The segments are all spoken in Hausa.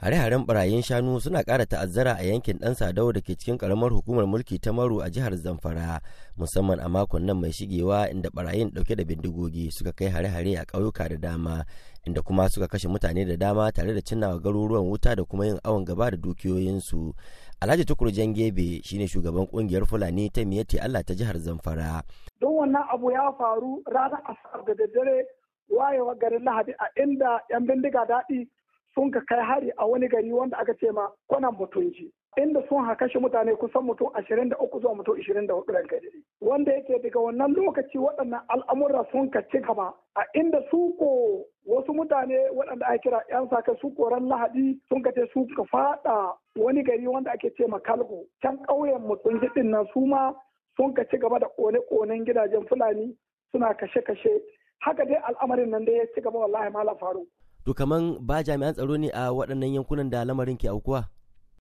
hare-haren barayin shanu suna kara ta'azzara a yankin ɗan sadau da ke cikin karamar hukumar mulki ta maru a jihar zamfara musamman a makon nan mai shigewa inda barayin ɗauke da bindigogi suka kai hare-hare a kauyuka da dama inda kuma suka kashe mutane da dama tare da cinnawa garuruwan wuta da kuma yin awon gaba da dukiyoyinsu alhaji tukur jangebe shine shugaban kungiyar fulani ta miyati allah ta jihar zamfara don wannan abu ya faru ranar asabar da daddare wayewa garin lahadi a inda yan bindiga daɗi sun ka kai hari a wani gari wanda aka ce ma kwanan mutunci inda sun haka shi mutane kusan mutum ashirin da uku zuwa mutum ashirin da hudu gari. wanda yake daga wannan lokaci waɗannan al'amura sun ka ci gaba a inda su ko wasu mutane waɗanda ake kira 'yan saka su koran lahadi sun ka ce su ka faɗa wani gari wanda ake ce ma kalgo can ƙauyen mutunci ɗin nan su ma sun ka ci gaba da ƙone-ƙonen gidajen fulani suna kashe-kashe haka dai al'amarin nan da ya ci gaba wallahi mala faru to kaman ba jami'an tsaro ne a waɗannan yankunan da lamarin ke aukuwa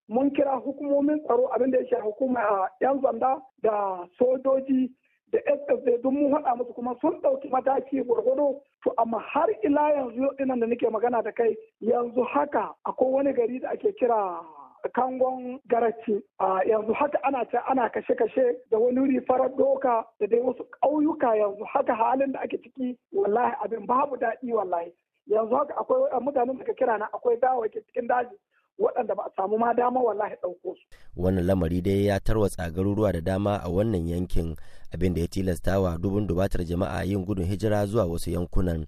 mun kira hukumomin tsaro abin da ya shi hukuma a yan sanda da sojoji da ss don mun haɗa musu kuma sun ɗauki mataki gwargwado to amma har ila yanzu yau da nake magana da kai yanzu haka akwai wani gari da ake kira kangon garaci a yanzu haka ana ce ana kashe-kashe da wani wuri farar doka da dai wasu ƙauyuka yanzu haka halin da ake ciki wallahi abin babu daɗi wallahi yanzu haka akwai mutanen da ka kira na akwai gawawaki cikin daji waɗanda ba a samu ma dama wallahi ɗauko su. Wannan lamari dai ya tarwatsa garuruwa da dama a wannan yankin abin da ya tilasta wa dubun dubatar jama'a yin gudun hijira zuwa wasu yankunan.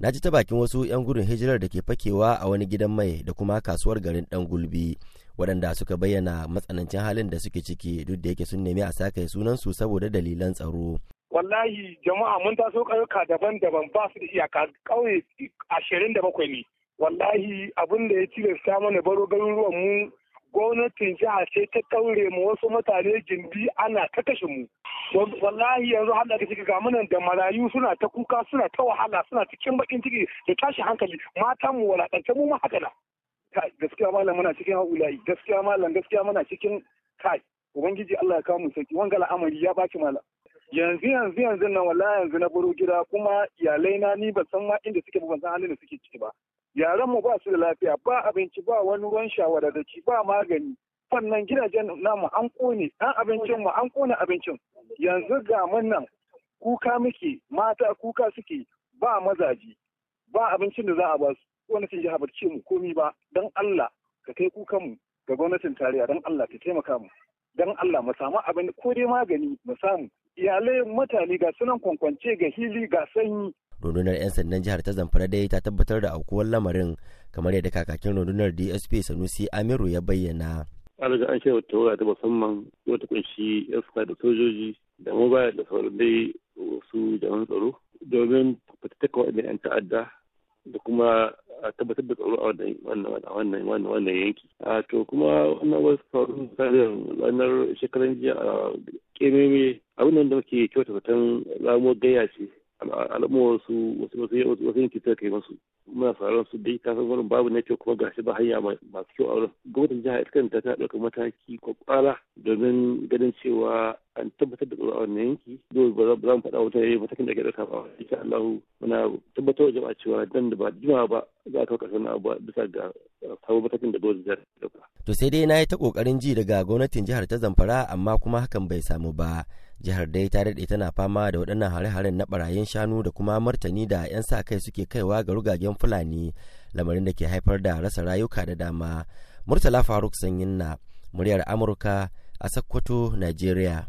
Na ji ta bakin wasu 'yan gudun hijirar da ke fakewa a wani gidan mai da kuma kasuwar garin dan gulbi waɗanda suka bayyana matsanancin halin da suke ciki duk da yake sun nemi a sakaye sunansu saboda dalilan tsaro. wallahi jama'a mun taso ƙauyuka daban-daban ba su da iyaka ƙauye ashirin da bakwai ne wallahi abin da ya cire tilasta mana baro garuruwan mu gwamnatin jiha ce ta ƙaure mu wasu mutane gindi ana ta kashe mu wallahi yanzu har da ciki ga munan da marayu suna ta kuka suna ta wahala suna cikin bakin ciki da tashi hankali mata mu walakance mu ma haka gaskiya malam muna cikin haulayi gaskiya malam gaskiya muna cikin kai ubangiji Allah ya kawo mu sauki wanga al'amari ya baki malam yanzu yanzu yanzu nan wala, yanzu na buru gida kuma iyalai na ni ban san ma inda suke ba ban san halin da suke ciki ba yaran mu ba su da lafiya ba abinci ba wani ruwan shawara da ci ba magani fannan gidajen namu an kone abincin mu an kone abincin yanzu ga mun nan kuka muke mata kuka suke ba mazaji ba abincin da za a ba su gwamnatin jiha ce mu komi ba dan Allah ka kai kukan mu ga gwamnatin tarayya dan Allah ka taimaka mu don Allah mu samu abin ko dai magani mu samu iyalai mutane ga sunan kwankwance ga hili ga sanyi rundunar 'yan sandan jihar ta zamfara dai ta tabbatar da aukuwar lamarin kamar yadda kakakin rundunar dsp sanusi amiru ya bayyana an an shirya tawaga ta musamman wata kunshi yan suka da sojoji da mu baya da sauran dai wasu jaman tsaro domin fatattaka wa'adin 'yan ta'adda da kuma a tabbatar da tsaro a wannan yanki to kuma wannan wasu faru misalin ranar shekaran jiya a kememe abin da muke kyauta fatan ramo gaya ce al'umma wasu wasu yanki ta kai masu muna tsaron su dai san wurin babu na kyau kuma gashi ba hanya masu kyau a wurin gwamnatin jihar ita kanta ta ɗauka mataki kwakwala domin ganin cewa an tabbatar da tsoron yanki dole ba za mu faɗa wata matakin da ake ɗauka ba insha Allah muna tabbatar da jama'a cewa dan da ba jima ba za a kawo na abu bisa ga uh, matakin da dole zai ɗauka. To sai dai na yi ta kokarin ji daga gwamnatin jihar ta Zamfara amma kuma hakan bai samu ba. Jihar dai ta daɗe tana fama da waɗannan hare-haren na ɓarayin shanu da kuma martani da 'yan sa kai suke kaiwa ga rugagen Fulani lamarin da ke haifar da rasa rayuka da dama. Murtala Faruk Sanyin na muryar Amurka a Sokoto, nigeria.